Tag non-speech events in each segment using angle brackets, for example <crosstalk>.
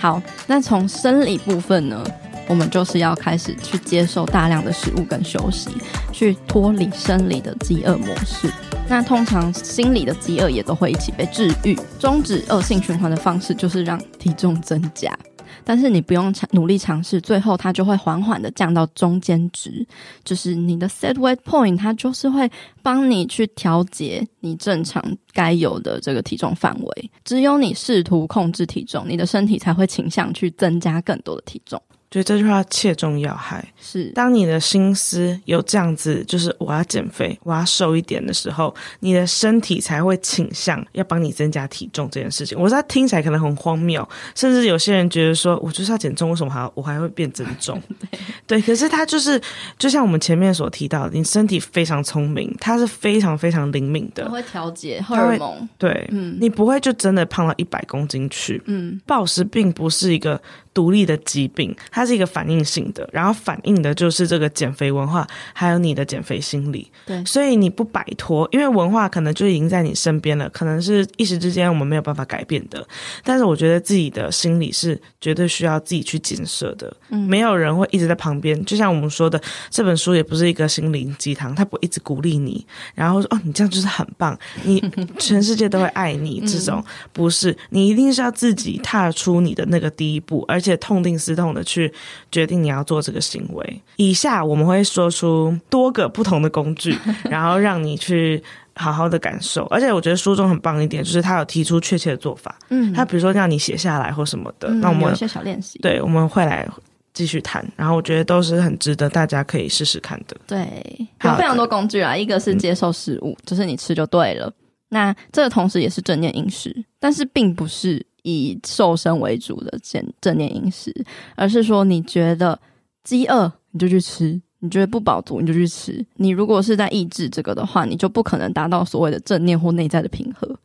好，那從生理部分呢，我們就是要開始去接受大量的食物跟休息，去脫離生理的飢餓模式。那通常心理的飢餓也都會一起被治癒，終止惡性循環的方式就是讓體重增加。但是你不用嘗，努力嘗試，最後它就會緩緩的降到中間值，就是你的 set weight point，它就是會幫你去調節你正常該有的這個體重範圍。只有你試圖控制體重，你的身體才會傾向去增加更多的體重。所以這句話切中要害，是當你的心思有這樣子，就是我要減肥，我要瘦一點的時候，你的身體才會傾向要幫你增加體重這件事情。我覺得聽起來可能很荒謬，甚至有些人覺得說，我就是要減重，為什麼還要我還會變增重？ <laughs> 對，對，可是他就是，就像我們前面所提到的，你身體非常聰明，它是非常非常靈敏的，會調節荷爾蒙。它會，對，嗯，你不會就真的胖到一百公斤去。嗯，暴食並不是一個獨立的疾病，它是一個反應性的，然後反映的就是這個減肥文化，還有你的減肥心理。對，所以你不擺脫，因為文化可能就已經在你身邊了，可能是一時之間我們沒有辦法改變的。但是，我覺得自己的心理是絕對需要自己去建設的。嗯，沒有人會一直在旁邊。就像我們說的，這本書也不是一個心靈雞湯，他不會一直鼓勵你，然後說：“哦，你這樣就是很棒，你全世界都會愛你。”這種、 <laughs> 嗯、不是，你一定是要自己踏出你的那個第一步，而且。痛定思痛的去決定你要做這個行為。以下我們會說出多個不同的工具，然後讓你去好好的感受。 <laughs> 而且我覺得書中很棒一點就是他有提出確切的做法。嗯，他比如說讓你寫下來或什麼的。嗯、那我們有一些小練習。對，我們會來繼續談。然後我覺得都是很值得大家可以試試看的。對，的有非常多工具啊，一個是接受食物，嗯、就是你吃就對了。那這個同時也是正念飲食，但是並不是。以瘦身為主的正正念飲食，而是說你覺得飢餓你就去吃，你覺得不飽足你就去吃。你如果是在抑制這個的話，你就不可能達到所謂的正念或內在的平和。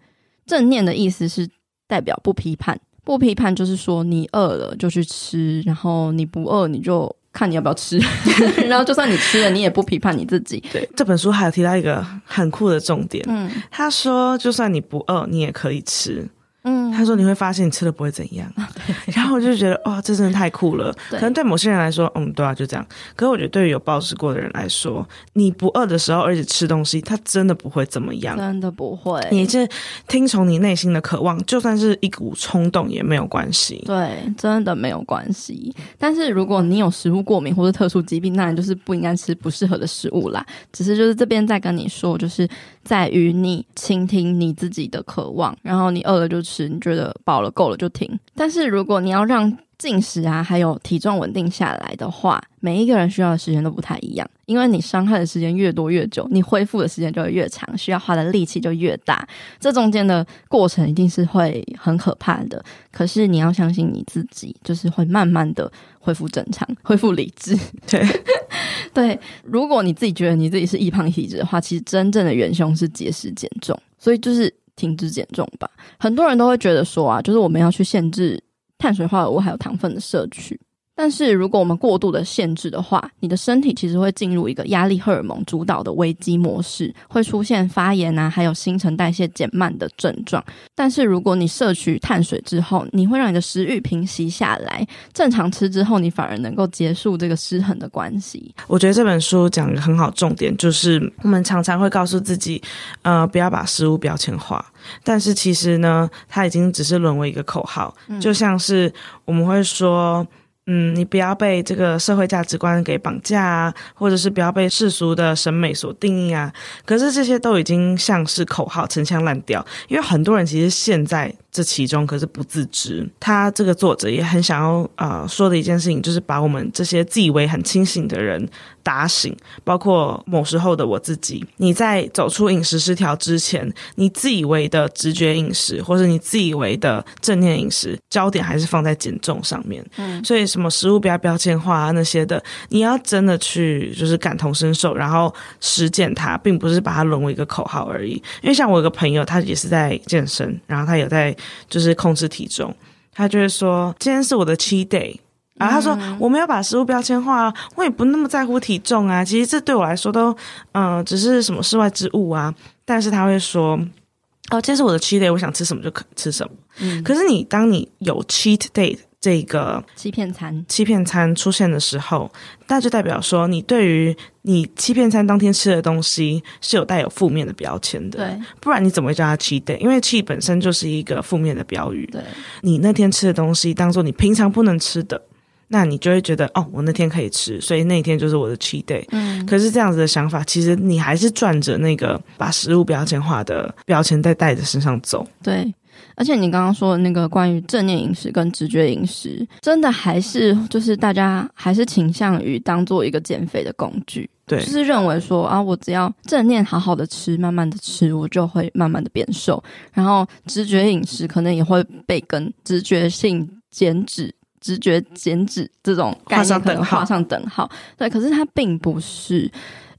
正念的意思是代表不批判，不批判就是說你餓了就去吃，然後你不餓你就看你要不要吃， <laughs> 然後就算你吃了你也不批判你自己。對，這本書還有提到一個很酷的重點，嗯，他說就算你不餓你也可以吃。嗯，他說：“你會發現你吃的不會怎樣。” <laughs> 對然後我就覺得，哇、哦，這真的太酷了。可能對某些人來說，嗯，對啊，就這樣。可是我覺得，對於有暴食過的人來說，你不餓的時候，而且吃東西，它真的不會怎麼樣，真的不會。你是聽從你內心的渴望，就算是一股衝動也沒有關係。對，真的沒有關係。但是如果你有食物過敏或者特殊疾病，那你就是不應該吃不適合的食物啦。只是就是這邊再跟你說，就是。在於你傾聽你自己的渴望，然後你餓了就吃，你覺得飽了夠了就停。但是如果你要讓進食啊，還有體重穩定下來的話，每一個人需要的時間都不太一樣，因為你傷害的時間越多越久，你恢復的時間就會越長，需要花的力氣就越大。這中間的過程一定是會很可怕的。可是你要相信你自己，就是會慢慢的恢復正常，恢復理智。對。對，如果你自己覺得你自己是易胖體質的話，其實真正的元凶是節食減重，所以就是停止減重吧。很多人都會覺得說啊，就是我們要去限制碳水化合物還有糖分的攝取。但是，如果我們過度的限制的話，你的身體其實會進入一個壓力荷爾蒙主導的危機模式，會出現發炎啊，還有新陳代謝減慢的症狀。但是，如果你攝取碳水之後，你會讓你的食慾平息下來，正常吃之後，你反而能夠結束這個失衡的關係。我覺得這本書講一個很好，重點就是我們常常會告訴自己，呃，不要把食物標籤化，但是其實呢，它已經只是淪為一個口號，嗯、就像是我們會說。嗯，你不要被這個社會價值觀給綁架啊，或者是不要被世俗的審美所定義啊。可是這些都已經像是口號、陳腔濫調，因為很多人其實現在。這其中可是不自知。他這個作者也很想要啊，呃，說的一件事情就是把我們這些自以為很清醒的人打醒。包括某時候的我自己，你在走出飲食失調之前，你自以為的直覺飲食，或者你自以為的正念飲食，焦點還是放在減重上面。嗯。所以什麼食物不要標籤化啊那些的，你要真的去就是感同身受，然後實踐它，並不是把它淪為一個口號而已。因為像我有個朋友，他也是在健身，然後他有在。就是控制體重，他就會說今天是我的 cheat day，然後、啊、他說、嗯、我沒有把食物標籤化，我也不那麼在乎體重啊，其實這對我來說都，嗯、呃，只是什麼世外之物啊。但是他會說，哦，今天是我的 cheat day，我想吃什麼就可吃什麼。嗯、可是你當你有 cheat day。這個欺騙餐，欺騙餐出現的時候，那就代表說你對於你欺騙餐當天吃的東西是有帶有負面的標籤的，對，不然你怎麼會叫它 cheat day？因為 cheat 本身就是一個負面的標語。對，你那天吃的東西當做你平常不能吃的，那你就會覺得哦，我那天可以吃，所以那一天就是我的 cheat day。嗯，可是這樣子的想法，其實你還是轉着那個把食物標籤化的標籤在帶著身上走，對。而且你剛剛說的那個關於正念飲食跟直覺飲食，真的還是就是大家還是傾向於當做一個減肥的工具，對，就是認為說啊，我只要正念好好的吃，慢慢的吃，我就會慢慢的變瘦。然後直覺飲食可能也會被跟直覺性減脂、直覺減脂這種畫上等號。畫上等號對，可是它並不是，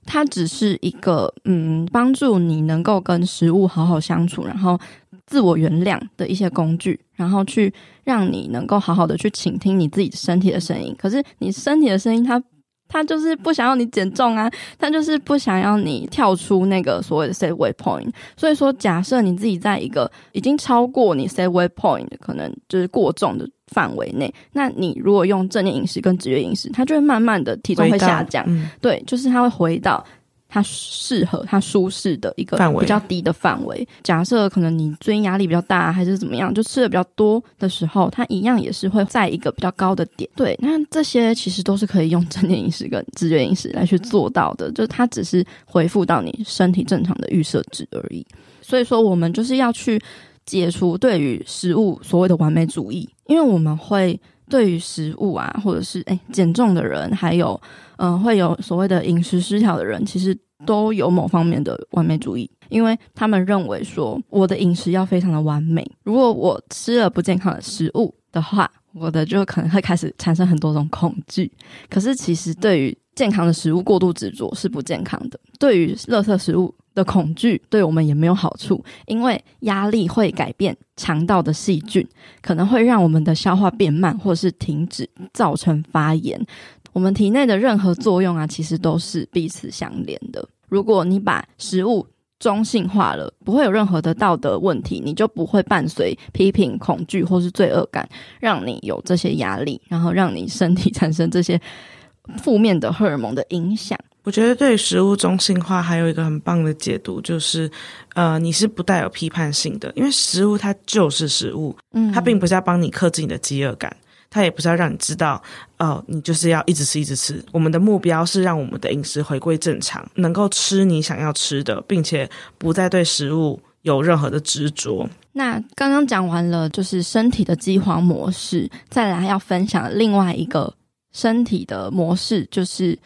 它只是一個嗯，幫助你能夠跟食物好好相處，然後。自我原諒的一些工具，然後去讓你能夠好好的去傾聽你自己身體的聲音。可是你身體的聲音它，它它就是不想要你減重啊，它就是不想要你跳出那個所謂的 set weight point。所以說，假設你自己在一個已經超過你 set weight point 的可能就是過重的範圍內，那你如果用正念飲食跟直覺飲食，它就會慢慢的體重會下降。嗯、對，就是它會回到。它適合它舒適的一個範圍，比較低的範圍。圍。假設可能你最近壓力比較大啊，還是怎麼樣，就吃的比較多的時候，它一樣也是會在一個比較高的點。對，那這些其實都是可以用正念飲食跟直覺飲食來去做到的，就是它只是恢復到你身體正常的預設值而已。所以說，我們就是要去解除對於食物所謂的完美主義，因為我們會。對於食物啊，或者是哎減重的人，還有嗯、呃、會有所謂的飲食失調的人，其實都有某方面的完美主義，因為他們認為說，我的飲食要非常的完美，如果我吃了不健康的食物的話，我的就可能會開始產生很多種恐懼。可是其實對於健康的食物過度執着是不健康的。對於垃圾食物的恐懼，對我們也沒有好處。因為壓力會改變腸道的細菌，可能會讓我們的消化變慢，或是停止，造成發炎。我們體內的任何作用啊，其實都是彼此相連的。如果你把食物中性化了，不會有任何的道德問題，你就不會伴隨批評、恐懼或是罪惡感，讓你有這些壓力，然後讓你身體產生這些。負面的荷爾蒙的影響，我覺得對食物中性化還有一個很棒的解讀，就是，呃，你是不帶有批判性的，因為食物它就是食物，嗯，它並不是要幫你克制你的飢餓感，它也不是要讓你知道，哦、呃，你就是要一直吃一直吃。我們的目標是讓我們的飲食回歸正常，能夠吃你想要吃的，並且不再對食物有任何的執着。那剛剛講完了就是身體的飢荒模式，再來要分享另外一個。身體的模式就是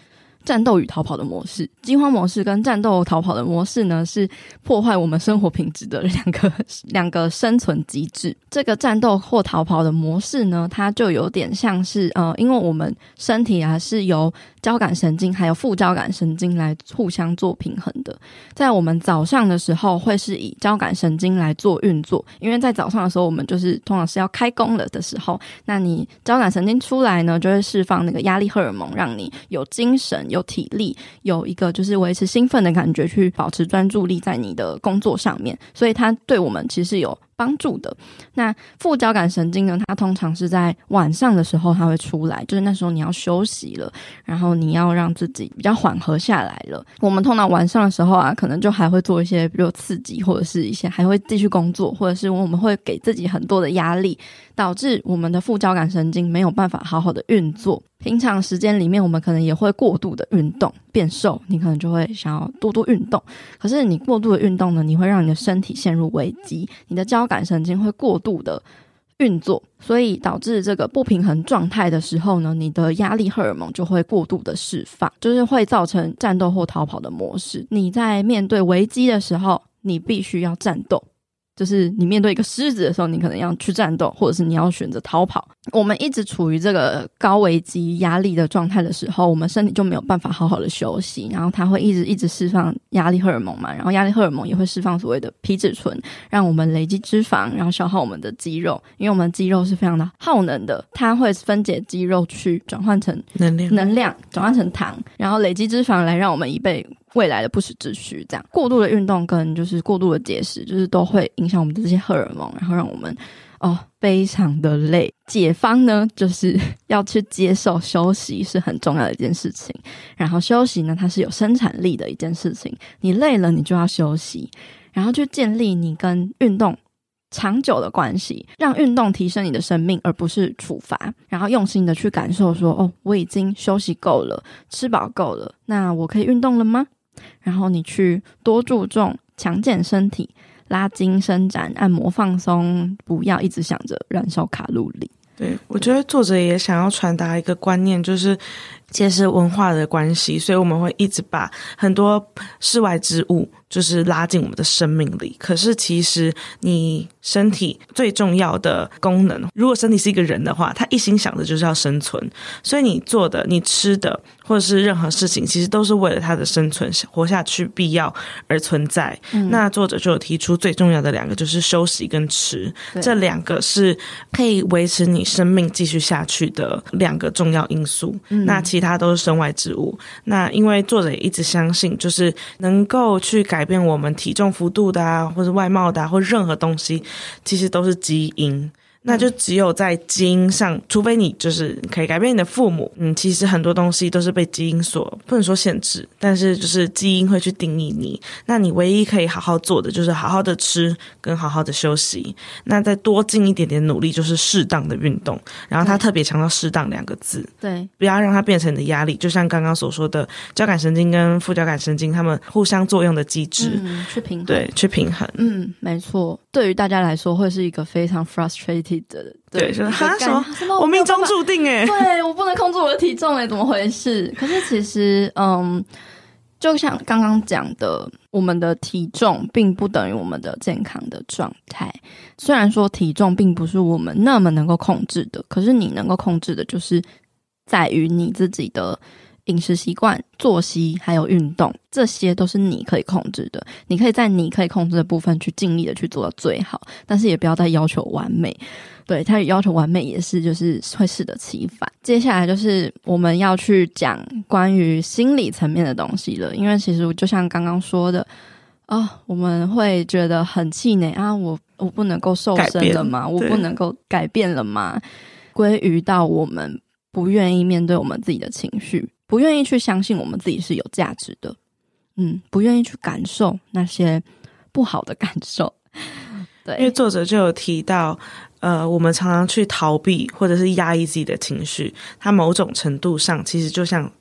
戰鬥與逃跑的模式，驚慌模式跟戰鬥逃跑的模式呢，是破壞我們生活品質的兩個兩個生存機制。這個戰鬥或逃跑的模式呢，它就有點像是呃，因為我們身體啊是由交感神經還有副交感神經來互相做平衡的，在我們早上的時候會是以交感神經來做運作，因為在早上的時候我們就是通常是要開工了的時候，那你交感神經出來呢，就會釋放那個壓力荷爾蒙，讓你有精神、有體力、有一個就是維持興奮的感覺，去保持專注力在你的工作上面，所以它對我們其實有。幫助的。那副交感神經呢？它通常是在晚上的時候，它會出來，就是那時候你要休息了，然後你要讓自己比較緩和下來了。我們通常晚上的時候啊，可能就還會做一些比較刺激，或者是一些還會繼續工作，或者是我們會給自己很多的壓力，導致我們的副交感神經沒有辦法好好的運作。平常時間裡面，我們可能也會過度的運動變瘦，你可能就會想要多多運動。可是你過度的運動呢，你會讓你的身體陷入危機，你的交感神經會過度的運作，所以導致這個不平衡狀態的時候呢，你的壓力荷爾蒙就會過度的釋放，就是會造成戰鬥或逃跑的模式。你在面對危機的時候，你必須要戰鬥。就是你面對一個獅子的時候，你可能要去戰鬥，或者是你要選擇逃跑。我們一直處於這個高危機壓力的狀態的時候，我們身體就沒有辦法好好的休息，然後它會一直一直釋放壓力荷爾蒙嘛，然後壓力荷爾蒙也會釋放所謂的皮質醇，讓我們累積脂肪，然後消耗我們的肌肉，因為我們的肌肉是非常的耗能的，它會分解肌肉去轉換成能量，能量轉換成糖，然後累積脂肪來讓我們以備，未來的不時之需。這樣過度的運動跟就是過度的節食，就是都會影響我們的這些荷爾蒙，然後讓我們哦非常的累。解方呢，就是要去接受休息是很重要的一件事情，然後休息呢，它是有生產力的一件事情。你累了，你就要休息，然後去建立你跟運動長久的關係，讓運動提升你的生命，而不是處罰。然後用心的去感受說，說哦，我已經休息夠了，吃飽夠了，那我可以運動了嗎？然後你去多注重強健身體、拉筋伸展、按摩放鬆，不要一直想着燃燒卡路里。對，我覺得作者也想要傳達一個觀念，就是。其實文化的關係，所以我們會一直把很多身外之物，就是拉進我們的生命裡。可是其實你身體最重要的功能，如果身體是一個人的話，他一心想的就是要生存。所以你做的、你吃的，或者是任何事情，其實都是為了他的生存、活下去必要而存在。嗯、那作者就有提出最重要的兩個，就是休息跟吃，對這兩個是可以維持你生命繼續下去的兩個重要因素。嗯、那其實。其他都是身外之物。那因為作者也一直相信，就是能夠去改變我們體重幅度的啊，或者外貌的啊，或任何東西，其實都是基因。那就只有在基因上，除非你就是可以改變你的父母。嗯，其實很多東西都是被基因所不能說限制，但是就是基因會去定義你。那你唯一可以好好做的，就是好好的吃跟好好的休息。那再多盡一點點努力，就是適當的運動。然後他特別強調“適當”兩個字，對，不要讓它變成你的壓力。就像剛剛所說的，交感神經跟副交感神經他們互相作用的機制，嗯，去平衡，對，去平衡。嗯，沒錯。對於大家來說，會是一個非常 frustrating。對，就是他說我命中注定哎、欸，對，我不能控制我的體重哎，怎麼回事？可是其實，嗯，就像剛剛講的，我們的體重並不等於我們的健康的狀態。雖然說體重並不是我們那麼能夠控制的，可是你能夠控制的就是在於你自己的。飲食習慣、作息還有運動，這些都是你可以控制的。你可以在你可以控制的部分去盡力的去做到最好，但是也不要再要求完美。對他要求完美也是，就是會適得其反。接下來就是我們要去講關於心理層面的東西了，因為其實就像剛剛說的啊、哦，我們會覺得很氣餒啊，我我不能夠瘦身了嗎？我不能夠改變了嗎？歸於到我們不願意面對我們自己的情緒。不願意去相信我們自己是有價值的，嗯，不願意去感受那些不好的感受。對，因為作者就有提到，呃，我們常常去逃避或者是壓抑自己的情緒，它某種程度上其實就像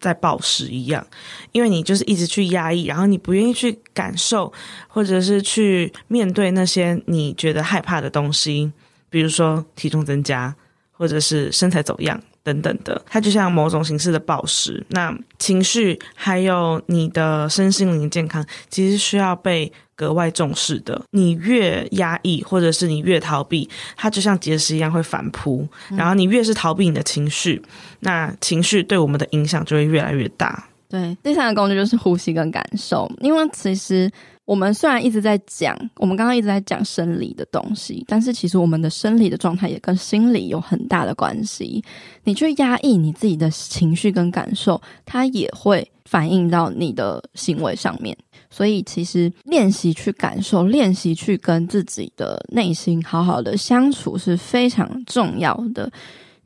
在暴食一樣，因為你就是一直去壓抑，然後你不願意去感受或者是去面對那些你覺得害怕的東西，比如說體重增加或者是身材走樣。等等的，它就像某種形式的暴食。那情緒還有你的身心靈健康，其實需要被格外重視的。你越壓抑，或者是你越逃避，它就像結石一樣會反撲。嗯、然後你越是逃避你的情緒，那情緒對我們的影響就會越來越大。對，第三個工具就是呼吸跟感受，因為其實。我們雖然一直在講，我們剛剛一直在講生理的東西，但是其實我們的生理的狀態也跟心理有很大的關係。你去壓抑你自己的情緒跟感受，它也會反映到你的行為上面。所以，其實練習去感受，練習去跟自己的內心好好的相處是非常重要的。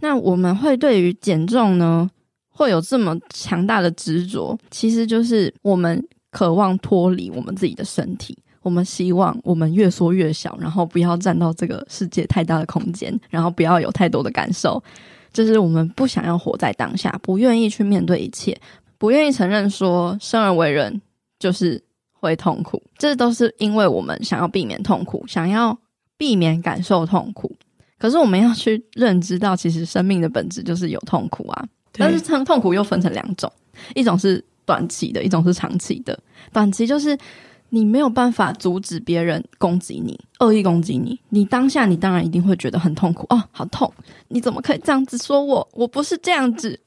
那我們會對於減重呢，會有這麼強大的執着，其實就是我們。渴望脫離我們自己的身體，我們希望我們越縮越小，然後不要佔到這個世界太大的空間，然後不要有太多的感受，就是我們不想要活在當下，不願意去面對一切，不願意承認說生而為人就是會痛苦，這都是因為我們想要避免痛苦，想要避免感受痛苦。可是我們要去認知到，其實生命的本質就是有痛苦啊。對但是，痛苦又分成兩種，一種是。短期的一種，是長期的，短期就是你沒有辦法阻止別人攻擊你，惡意攻擊你，你當下你當然一定會覺得很痛苦，哦，好痛！你怎麼可以這樣子說我？我不是這樣子。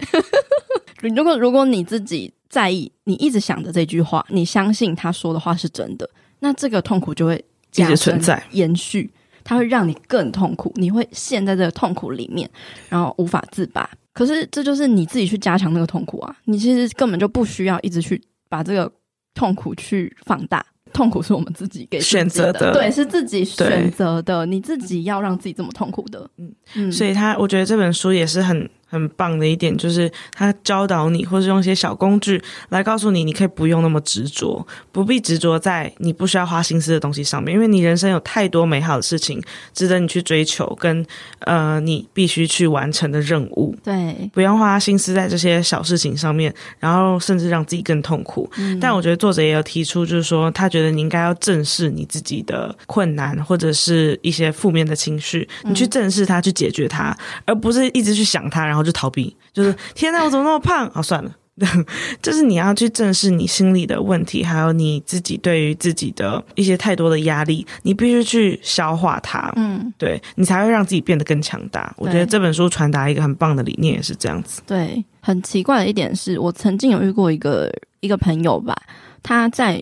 <laughs> 如果如果你自己在意，你一直想着這句話，你相信他說的話是真的，那這個痛苦就會續一直存在，延續，它會讓你更痛苦，你會陷在這個痛苦裡面，然後無法自拔。可是，這就是你自己去加強那個痛苦啊！你其實根本就不需要一直去把這個痛苦去放大。痛苦是我們自己給選擇的，對，是自己選擇的，對你自己要讓自己這麼痛苦的，嗯，所以他，我覺得這本書也是很。很棒的一點就是他教導你，或是用一些小工具來告訴你，你可以不用那麼執着，不必執着在你不需要花心思的東西上面，因為你人生有太多美好的事情值得你去追求跟，跟呃你必須去完成的任務。對，不用花心思在這些小事情上面，然後甚至讓自己更痛苦。嗯、但我覺得作者也有提出，就是說他覺得你應該要正視你自己的困難或者是一些負面的情緒，你去正視它，去解決它，嗯、而不是一直去想它，然後。就逃避，就是天哪，我怎麼那麼胖？好、 <laughs> oh, 算了， <laughs> 就是你要去正視你心理的問題，還有你自己對於自己的一些太多的壓力，你必須去消化它。嗯，對，你才會讓自己變得更強大。對我覺得這本書傳達一個很棒的理念，也是這樣子。對，很奇怪的一點是我曾經有遇過一個一個朋友吧，他在。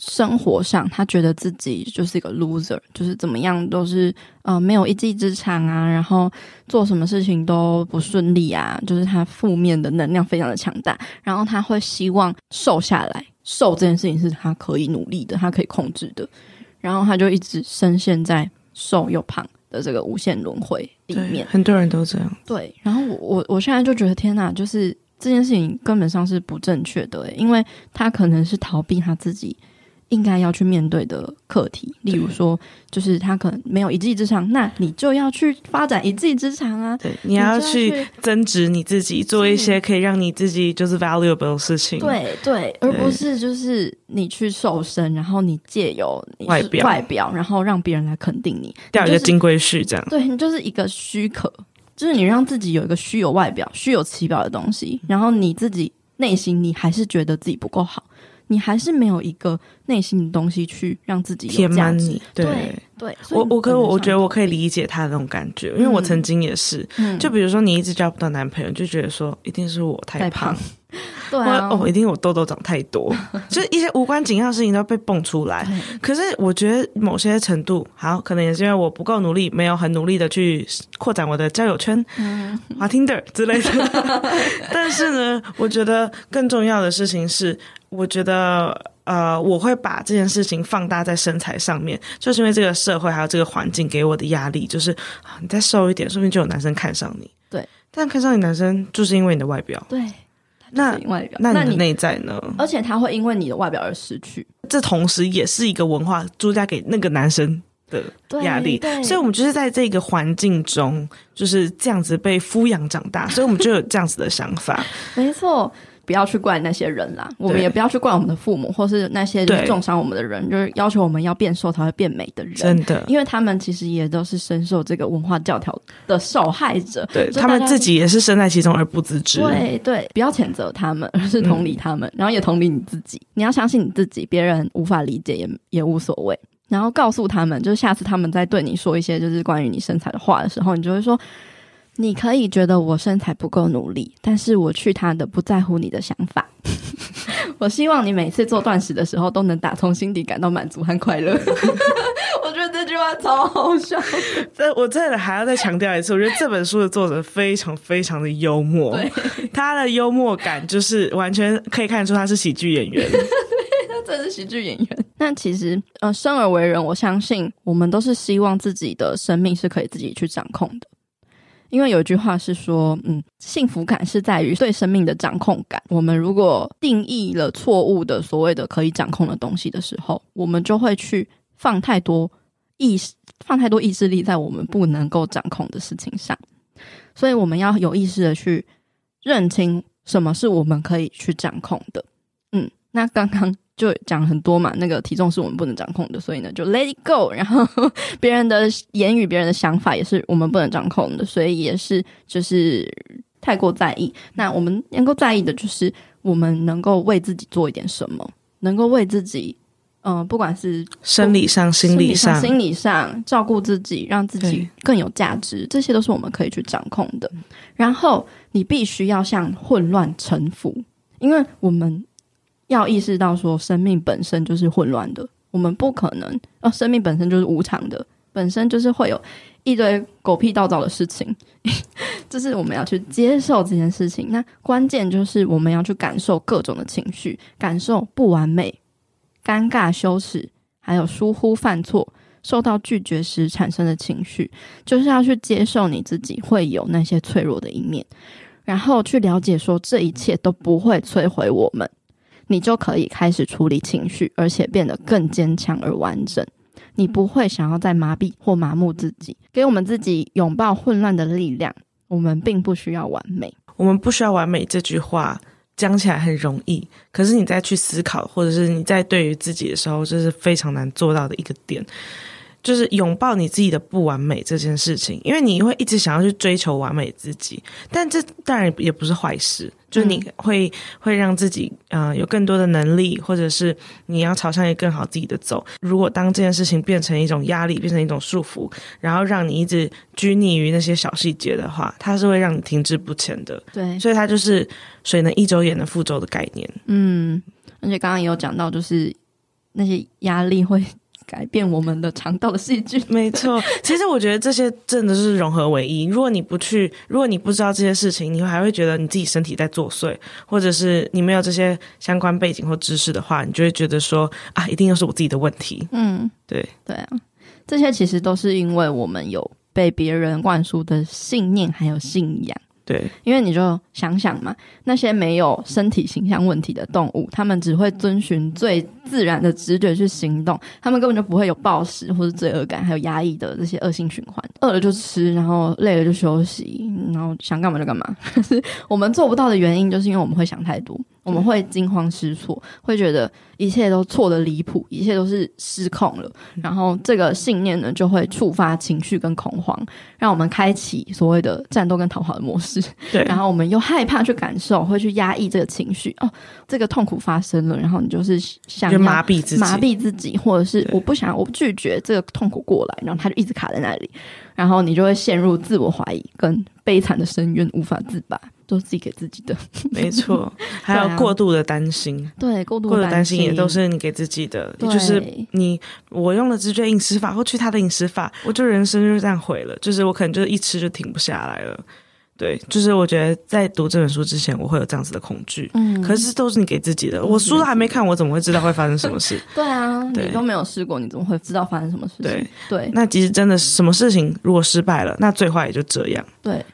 生活上，他覺得自己就是一個 loser，就是怎麼樣都是呃沒有一技之長啊，然後做什麼事情都不順利啊，就是他負面的能量非常的強大，然後他會希望瘦下來，瘦這件事情是他可以努力的，他可以控制的，然後他就一直深陷在瘦又胖的這個無限輪回裡面。很多人都這樣，對。然後我我我現在就覺得天哪，就是這件事情根本上是不正確的，因為他可能是逃避他自己。應該要去面對的課題，例如說，對就是他可能沒有一技之長，那你就要去發展一技之長啊！對，你要去增值你自己，自己做一些可以讓你自己就是 valuable 的事情。對對，對對而不是就是你去瘦身，然後你借由你外表，外表然後讓別人來肯定你，釣一、就是、個金龜婿這樣。對，你就是一個虛殼，就是你讓自己有一個虛有外表、虛有其表的東西，然後你自己內心你還是覺得自己不夠好。你還是沒有一個內心的東西去讓自己填滿你，對對，我我可我覺得我可以理解他的那種感覺，因為我曾經也是，就比如說你一直交不到男朋友，就覺得說一定是我太胖，對，哦哦，一定我痘痘長太多，就是一些無關緊要的事情都要被蹦出來。可是我覺得某些程度，好，可能也是因為我不夠努力，沒有很努力的去擴展我的交友圈，啊，Tinder 之類的。但是呢，我覺得更重要的事情是。我覺得，呃，我會把這件事情放大在身材上面，就是因為這個社會還有這個環境給我的壓力，就是、啊、你再瘦一點，說不定就有男生看上你。對，但看上你男生就是因為你的外表。對，那外表，那，那你的內在呢？而且他會因為你的外表而失去，這同時也是一個文化附加給那個男生的壓力。對對，所以，我們就是在這個環境中就是這樣子被撫養長大， <laughs> 所以我們就有這樣子的想法。沒錯。不要去怪那些人啦，對我們也不要去怪我們的父母，或是那些就是重傷我們的人，對就是要求我們要變瘦才會變美的人。真的，因為他們其實也都是深受這個文化教條的受害者，對、就是、他們自己也是身在其中而不自知。對對，不要譴責他們，而是同理他們，嗯、然後也同理你自己。你要相信你自己，別人無法理解也也無所謂。然後告訴他們，就是下次他們再對你說一些就是關於你身材的話的時候，你就會說。你可以覺得我身材不夠努力，但是我去他的不在乎你的想法。 <laughs> 我希望你每次做斷食的時候，都能打從心底感到滿足和快樂。 <laughs> 我覺得這句話超好笑。這我真的還要再強調一次，我覺得這本書的作者非常非常的幽默。對他的幽默感就是完全可以看出他是喜劇演員。他真的 <laughs> 是喜劇演員。 <laughs> 那其實，嗯、呃，生而為人，我相信我們都是希望自己的生命是可以自己去掌控的。因為有一句話是說，嗯，幸福感是在於對生命的掌控感。我們如果定義了錯誤的所謂的可以掌控的東西的時候，我們就會去放太多意識，放太多意志力在我們不能夠掌控的事情上。所以，我們要有意識地去認清什麼是我們可以去掌控的。嗯，那剛剛。就講很多嘛，那個體重是我們不能掌控的，所以呢，就 let it go。然後別人的言語、別人的想法也是我們不能掌控的，所以也是就是太過在意。那我們能夠在意的，就是我們能夠為自己做一點什麼，能夠為自己，嗯、呃，不管是不生理上、心理上、生理上心理上照顧自己，讓自己更有價值，對這些都是我們可以去掌控的。然後你必須要向混亂臣服，因為我們。要意識到，說生命本身就是混亂的，我們不可能哦。生命本身就是無常的，本身就是會有一堆狗屁倒灶的事情，這 <laughs> 是我們要去接受這件事情。那關鍵就是我們要去感受各種的情緒，感受不完美、尷尬、羞恥，還有疏忽、犯錯、受到拒絕時產生的情緒，就是要去接受你自己會有那些脆弱的一面，然後去了解說這一切都不會摧毀我們。你就可以開始處理情緒，而且變得更堅強而完整。你不會想要再麻痹或麻木自己，給我們自己擁抱混亂的力量。我們並不需要完美，我們不需要完美。這句話講起來很容易，可是你再去思考，或者是你在對於自己的時候，這、就是非常難做到的一個點。就是擁抱你自己的不完美這件事情，因為你會一直想要去追求完美自己，但這當然也不是壞事，就是、你會會讓自己呃有更多的能力，或者是你要朝向一個更好自己的走。如果當這件事情變成一種壓力，變成一種束縛，然後讓你一直拘泥於那些小細節的話，它是會讓你停滯不前的。對，所以它就是水能載舟，也能覆舟的概念。嗯，而且剛剛也有講到，就是那些壓力會。改變我們的腸道的細菌， <laughs> 沒錯。其實我覺得這些真的是融合為一。如果你不去，如果你不知道這些事情，你還會覺得你自己身體在作祟，或者是你沒有這些相關背景或知識的話，你就會覺得說啊，一定又是我自己的問題。嗯，對對啊，這些其實都是因為我們有被別人灌輸的信念還有信仰。對，因為你就。想想嘛，那些沒有身體形象問題的動物，他們只會遵循最自然的直覺去行動，他們根本就不會有暴食或是罪惡感，還有壓抑的這些惡性循環。餓了就吃，然後累了就休息，然後想幹嘛就幹嘛。可是我們做不到的原因，就是因為我們會想太多，我們會驚慌失措，會覺得一切都錯得離譜，一切都是失控了。然後這個信念呢，就會觸發情緒跟恐慌，讓我們開啟所謂的戰鬥跟逃跑的模式。對，然後我們又。害怕去感受，會去壓抑這個情緒。哦，這個痛苦發生了，然後你就是想麻痹自己，麻痹自己，或者是我不想，我拒絕這個痛苦過來，然後他就一直卡在那裡，然後你就會陷入自我懷疑跟悲慘的深淵，無法自拔，都是自己給自己的。 <laughs> 沒錯，還有過度的擔心，對，過度的擔心，過度擔心也都是你給自己的，對就是你我用了直覺飲食法，或去他的飲食法，我就人生就這樣毀了，就是我可能就是一吃就停不下來了。對，就是我覺得在讀這本書之前，我會有這樣子的恐懼。嗯，可是都是你給自己的，我書都還沒看，我怎麼會知道會發生什麼事？ <laughs> 對啊，對，你都沒有試過，你怎麼會知道發生什麼事？對對。對，那其實真的，什麼事情如果失敗了，那最壞也就這樣。對，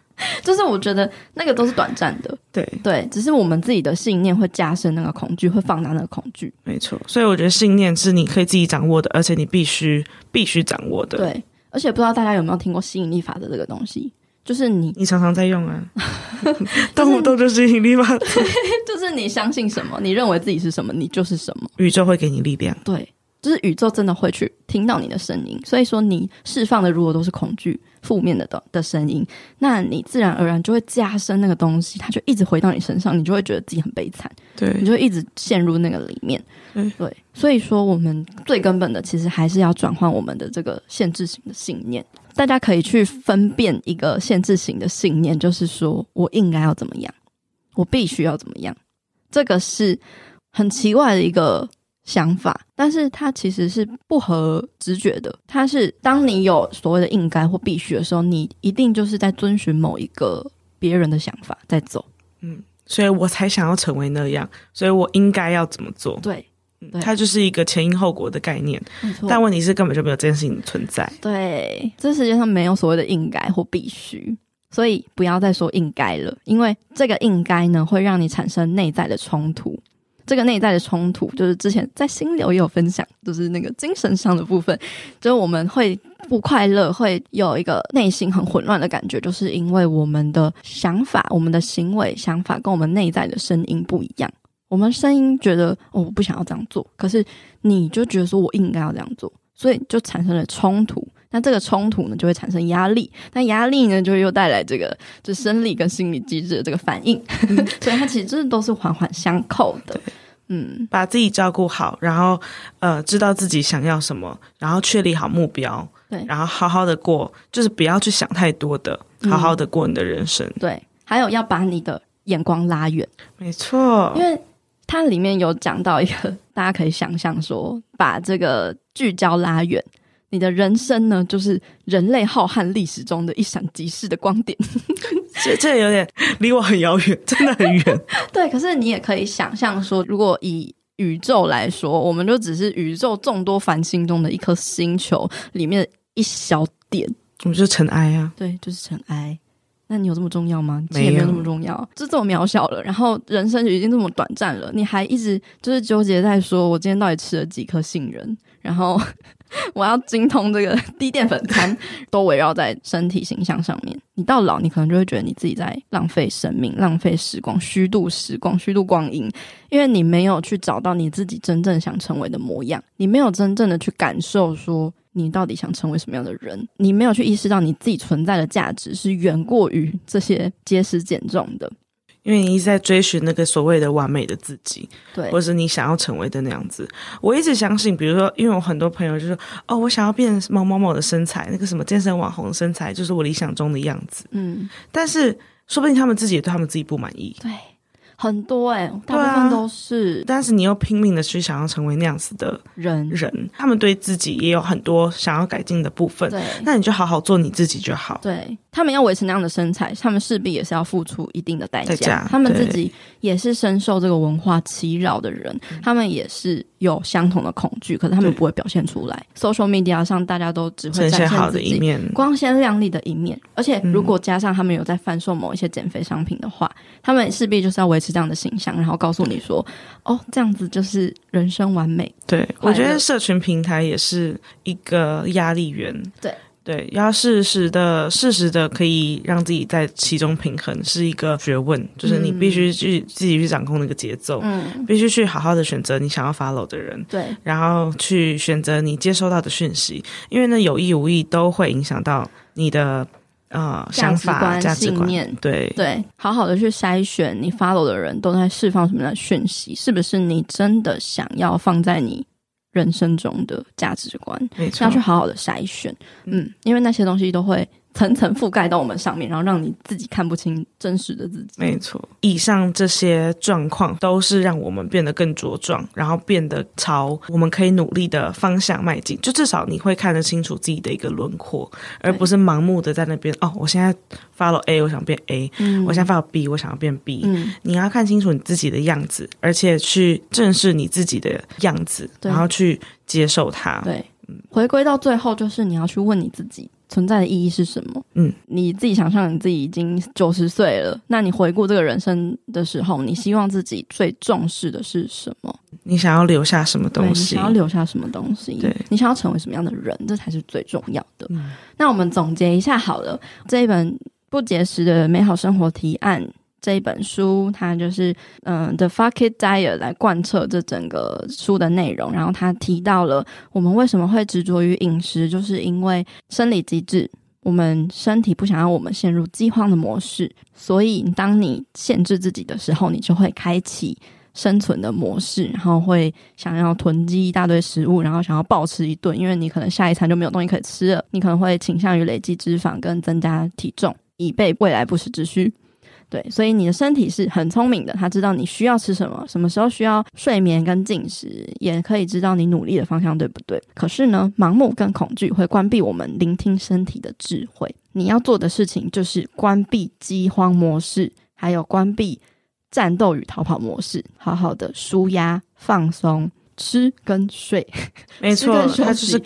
就是我覺得那個都是短暫的。對對，只是我們自己的信念會加深那個恐懼，會放大那個恐懼。沒錯，所以我覺得信念是你可以自己掌握的，而且你必須必須掌握的。對，而且不知道大家有沒有聽過吸引力法則這個東西。就是你，你常常在用啊， <laughs> 就是、動不動就是引力嗎？ <laughs> 就是你相信什麼，你認為自己是什麼，你就是什麼。宇宙會給你力量，對，就是宇宙真的會去聽到你的聲音。所以說，你釋放的如果都是恐懼、負面的的的聲音，那你自然而然就會加深那個東西，它就一直回到你身上，你就會覺得自己很悲慘，對，你就會一直陷入那個裡面，對。對，所以說，我們最根本的其實還是要轉換我們的這個限制型的信念。大家可以去分辨一個限制型的信念，就是說我應該要怎麼樣，我必須要怎麼樣，這個是很奇怪的一個想法。但是它其實是不合直覺的，它是當你有所謂的應該或必須的時候，你一定就是在遵循某一個別人的想法在走。嗯，所以我才想要成為那樣，所以我應該要怎麼做？對。它就是一個前因後果的概念，對但問題是根本就沒有這件事情存在。對，這世界上沒有所謂的應該或必須，所以不要再說應該了，因為這個應該呢，會讓你產生內在的衝突。這個內在的衝突就是之前在心流也有分享，就是那個精神上的部分，就是我們會不快樂，會有一個內心很混亂的感覺，就是因為我們的想法、我們的行為、想法跟我們內在的聲音不一樣。我們聲音覺得哦，我不想要這樣做，可是你就覺得說我應該要這樣做，所以就產生了衝突。那這個衝突呢，就會產生壓力。那壓力呢，就又帶來這個就生理跟心理機制的這個反應。 <laughs> 所以它其實是都是環環相扣的。對嗯，把自己照顧好，然後呃，知道自己想要什麼，然後確立好目標，對，然後好好的過，就是不要去想太多的，嗯、好好的過你的人生。對，還有要把你的眼光拉遠，沒錯，因為。它裡面有講到一個，大家可以想象說，把這個聚焦拉遠，你的人生呢，就是人類浩瀚歷史中的一閃即逝的光點。這 <laughs> 這有點離我很遙遠，真的很遠。 <laughs> 對，可是你也可以想象說，如果以宇宙來說，我們就只是宇宙眾多繁星中的一顆星球裡面一小點，我就塵埃啊。對，就是塵埃。那你有這麼重要嗎？其實也沒有那麼重要，有就這麼渺小了。然後人生就已經這麼短暫了，你還一直就是糾結在說，我今天到底吃了幾顆杏仁？然後 <laughs> 我要精通這個低澱粉餐， <laughs> 都圍繞在身體形象上面。你到老，你可能就會覺得你自己在浪費生命、浪費時光、虛度時光、虛度光陰，因為你沒有去找到你自己真正想成為的模樣，你沒有真正的去感受說。你到底想成為什麼樣的人？你沒有去意識到你自己存在的價值是遠過於這些節食減重的，因為你一直在追尋那個所謂的完美的自己，對，或是你想要成為的那樣子。我一直相信，比如說，因為我很多朋友就說哦，我想要變某某某的身材，那個什麼健身網紅的身材，就是我理想中的樣子。嗯，但是說不定他們自己也對他們自己不滿意，對。很多哎、欸，大部分都是、啊。但是你又拼命的去想要成為那樣子的人人，他們對自己也有很多想要改進的部分。對，那你就好好做你自己就好。對，他們要維持那樣的身材，他們勢必也是要付出一定的代價。他們自己也是深受這個文化侵擾的人，對他們也是有相同的恐懼，可是他們不會表現出來。對 Social media 上，大家都只會展現好的一面，光鮮亮麗的一面。而且如果加上他們有在販售某一些減肥商品的話，嗯、他們勢必就是要維持。是這樣的形象，然後告訴你說：“對哦，這樣子就是人生完美。對”對樂我覺得社群平台也是一個壓力源。對對，要適時的、適時的可以讓自己在其中平衡，是一個學問。就是你必須去、嗯、自己去掌控那個節奏，嗯，必須去好好的選擇你想要 follow 的人，對，然後去選擇你接收到的訊息，因為呢，有意無意都會影響到你的。啊，價值觀、值觀信念，對對，好好的去篩選你 follow 的人都在釋放什麼樣的訊息？是不是你真的想要放在你人生中的價值觀？沒錯。要去好好的篩選，嗯，因為那些東西都會層層覆蓋到我們上面，然後讓你自己看不清真實的自己。沒錯，以上這些狀況都是讓我們變得更茁壯，然後變得朝我們可以努力的方向邁進。就至少你會看得清楚自己的一個輪廓，對而不是盲目的在那邊哦。我現在 follow A，我想變 A，嗯，我現在 follow B，我想要變 B。嗯，你要看清楚你自己的樣子，而且去正視你自己的樣子，對然後去接受它。對，回歸到最後就是你要去問你自己。存在的意義是什麼？嗯，你自己想象你自己已經九十歲了，那你回顧這個人生的時候，你希望自己最重視的是什麼？你想要留下什麼東西？你想要留下什麼東西？對，你想要成為什麼樣的人？這才是最重要的。嗯，那我們總結一下好了，這一本不節食的美好生活提案。這一本書，它就是嗯、呃、，The Fuck It Diet 來貫徹這整個書的內容。然後他提到了我們為什麼會執着於飲食，就是因為生理機制。我們身體不想要我們陷入饑荒的模式，所以當你限制自己的時候，你就會開啟生存的模式，然後會想要囤積一大堆食物，然後想要暴吃一頓，因為你可能下一餐就沒有東西可以吃了。你可能會傾向於累積脂肪跟增加體重，以備未來不時之需。對，所以你的身體是很聰明的，他知道你需要吃什麼，什麼時候需要睡眠跟進食，也可以知道你努力的方向，對不對？可是呢，盲目跟恐懼會關閉我們聆聽身體的智慧。你要做的事情就是關閉飢荒模式，還有關閉戰鬥與逃跑模式，好好的舒壓、放鬆、吃跟睡，沒錯，它就 <laughs> 是。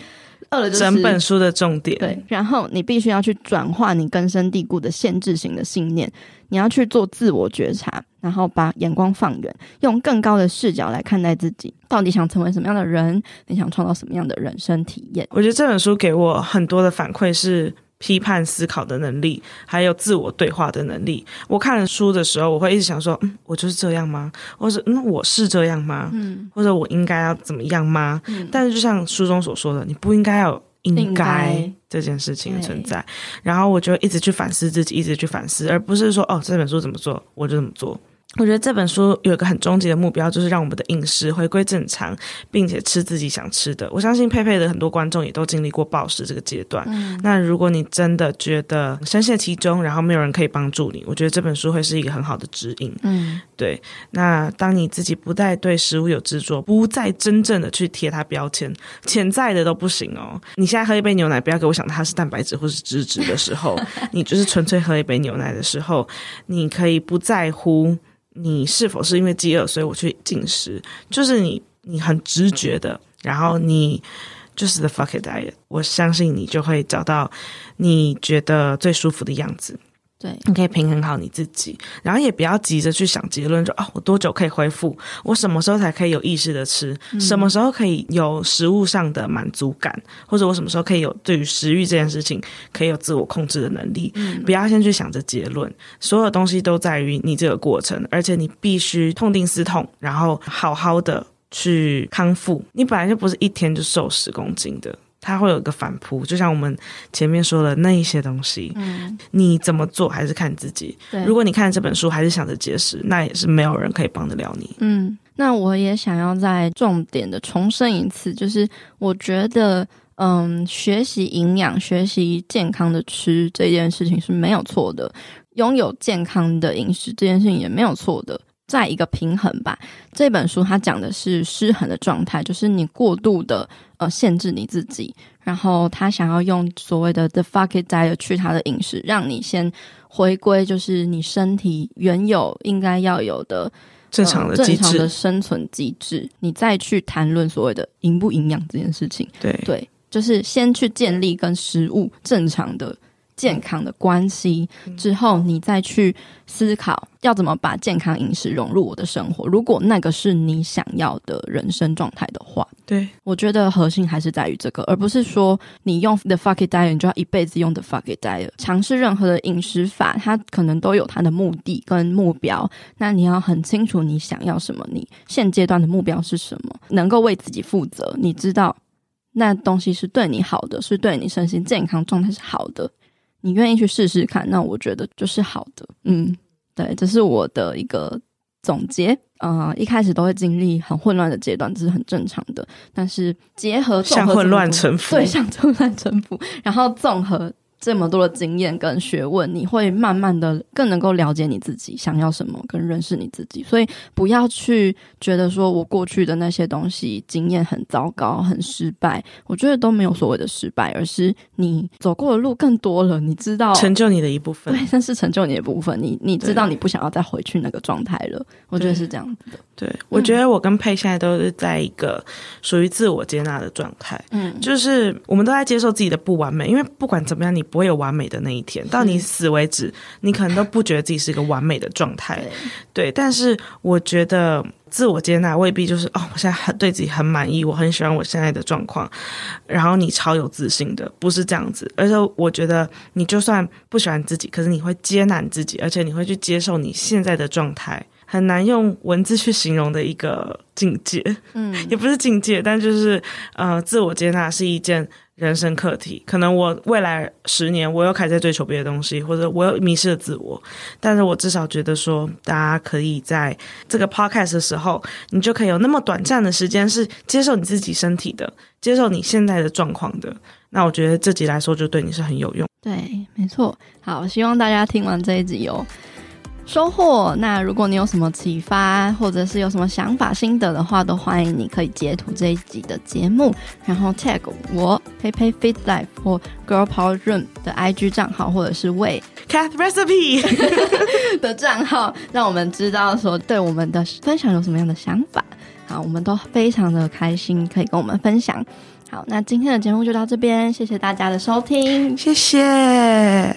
就是、整本書的重點。對，然後你必須要去轉化你根深蒂固的限制型的信念，你要去做自我覺察，然後把眼光放遠，用更高的視角來看待自己，到底想成為什麼樣的人，你想創造什麼樣的人生體驗？我覺得這本書給我很多的反饋是。批判思考的能力，還有自我對話的能力。我看了書的時候，我會一直想說：“嗯，我就是這樣嗎？”或者“嗯，我是這樣嗎？”嗯，或者“我應該要怎麼樣嗎？”嗯。但是就像書中所說的，你不應該有“應該”這件事情的存在。然後我就一直去反思自己，一直去反思，而不是說：“哦，這本書怎麼做，我就怎麼做。”我覺得這本書有一個很終極的目標，就是讓我們的飲食回歸正常，並且吃自己想吃的。我相信佩佩的很多觀眾也都經歷過暴食這個階段。嗯，那如果你真的覺得深陷其中，然後沒有人可以幫助你，我覺得這本書會是一個很好的指引。嗯，對。那當你自己不再對食物有執着，不再真正的去貼它標籤，潛在的都不行哦。你現在喝一杯牛奶，不要給我想它是蛋白質或是脂質的時候， <laughs> 你就是純粹喝一杯牛奶的時候，你可以不在乎。你是否是因為飢餓，所以我去進食？就是你，你很直覺的，然後你就是 the fuck it diet。我相信你就會找到你覺得最舒服的樣子。對，你可以平衡好你自己，然後也不要急着去想結論，就哦，我多久可以恢復？我什麼時候才可以有意識的吃？嗯、什麼時候可以有食物上的滿足感？或者我什麼時候可以有對於食慾這件事情可以有自我控制的能力？嗯、不要先去想着結論，所有東西都在於你這個過程，而且你必須痛定思痛，然後好好的去康復。你本來就不是一天就瘦十公斤的。他會有一個反撲，就像我們前面說的那一些東西，嗯，你怎麼做還是看你自己。對，如果你看這本書還是想着節食，那也是沒有人可以幫得了你。嗯，那我也想要再重點的重申一次，就是我覺得，嗯，學習營養、學習健康的吃這件事情是沒有錯的，擁有健康的飲食這件事情也沒有錯的，再一個平衡吧。這本書它講的是失衡的狀態，就是你過度的。呃，限制你自己，然後他想要用所謂的 the fuck it diet 去他的飲食，讓你先回歸，就是你身體原有應該要有的正常的機制、呃、正常的生存機制，你再去談論所謂的營不營養這件事情。對對，就是先去建立跟食物正常的。健康的關係之後，你再去思考要怎麼把健康飲食融入我的生活。如果那個是你想要的人生狀態的話，對。我覺得核心還是在於這個，而不是說你用 The Fuck It Diet，你就要一輩子用 The Fuck It Diet。嘗試任何的飲食法，它可能都有它的目的跟目標。那你要很清楚你想要什麼，你現階段的目標是什麼，能夠為自己負責。你知道那東西是對你好的，是對你身心健康狀態是好的。你願意去試試看，那我覺得就是好的。嗯，對，這是我的一個總結。嗯、呃，一開始都會經歷很混亂的階段，這、就是很正常的。但是結合，向混亂臣服。對，向混亂臣服，然後綜合。這麼多的經驗跟學問，你會慢慢的更能夠了解你自己想要什麼，跟認識你自己。所以不要去覺得說我過去的那些東西經驗很糟糕、很失敗。我覺得都沒有所謂的失敗，而是你走過的路更多了，你知道成就你的一部分，對，但是成就你的部分。你你知道你不想要再回去那個狀態了。我覺得是這樣子的。對。對，嗯，我覺得我跟佩現在都是在一個屬於自我接納的狀態。嗯，就是我們都在接受自己的不完美，因為不管怎麼樣，你，不會有完美的那一天，到你死為止，嗯、你可能都不覺得自己是一個完美的狀態，嗯、對。但是我覺得自我接納未必就是哦，我現在很對自己很滿意，我很喜歡我現在的狀況。然後你超有自信的，不是這樣子。而且我覺得你就算不喜歡自己，可是你會接納自己，而且你會去接受你現在的狀態，很難用文字去形容的一個境界。嗯， <laughs> 也不是境界，但就是呃，自我接納是一件。人生課題，可能我未來十年我又開始在追求別的東西，或者我又迷失了自我，但是我至少覺得說，大家可以在這個 podcast 的時候，你就可以有那麼短暫的時間是接受你自己身體的，接受你現在的狀況的。那我覺得這集來說就對你是很有用。對，沒錯。好，希望大家聽完這一集哦，收穫。那如果你有什麼啟發，或者是有什麼想法、心得的話，都歡迎你可以截圖這一集的節目，然後 tag 我 Peipei Fit Life 或 Girl Power Room 的 IG 賬號，或者是為 Cath Recipe 的賬號，讓我們知道說對我們的分享有什麼樣的想法。好，我們都非常的開心可以跟我們分享。好，那今天的節目就到這邊，謝謝大家的收聽，謝謝。